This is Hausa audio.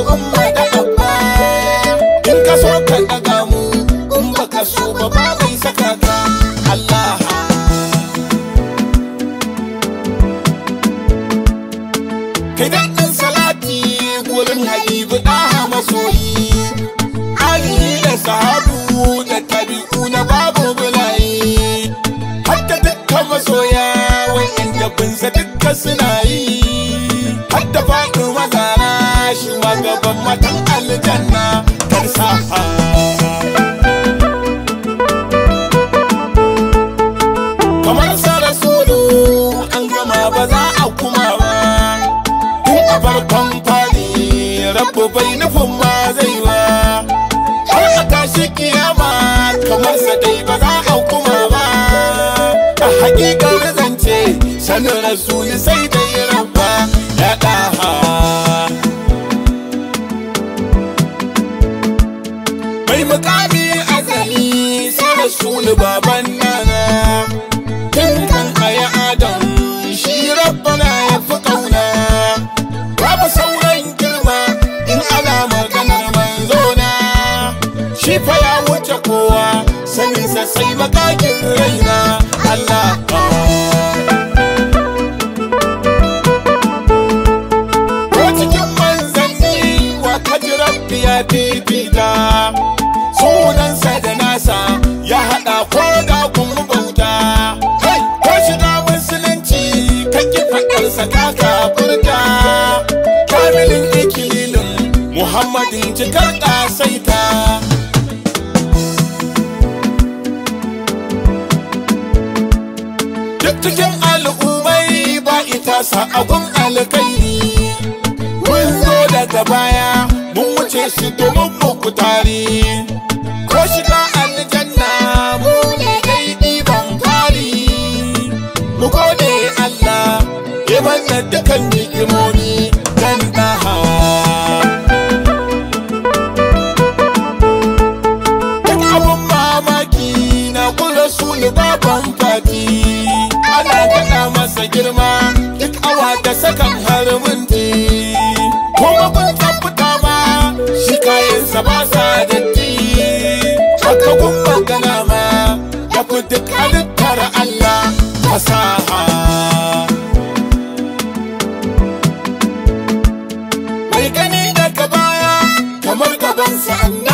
mu umma da abba in ka so ka daga mu in ba ka so ba ba mai saka ka Allah kai daɗin salati gurin habibu ɗaha masoyi alihi da sahabu da tabi'u na babu bulayi hatta dukkan masoya wa'inda bin sa dukkan suna yi son matan aljanna safa. kamar sa rasulu an gama ba za a kuma ba tun a farkon fari rabu bai nufin ma zai wa. har a tashi kiyama kamar sa dai ba za a kuma ba a hakikar zance sanin rasuli sai da rasulu baban nana tun kan aya adam shi rabbana ya fi kauna babu sauran girma in ana magana manzo na shi fa ya wuce kowa saninsa sai makakin raina Allah saka ka furta kamilin ikililin muhammadin cikar ƙasaita duk cikin al'ummai ba ita sa'agun alkairi mun zo daga baya mun wuce su domin mu kutari ko shiga wannan dukan ni'imomi 안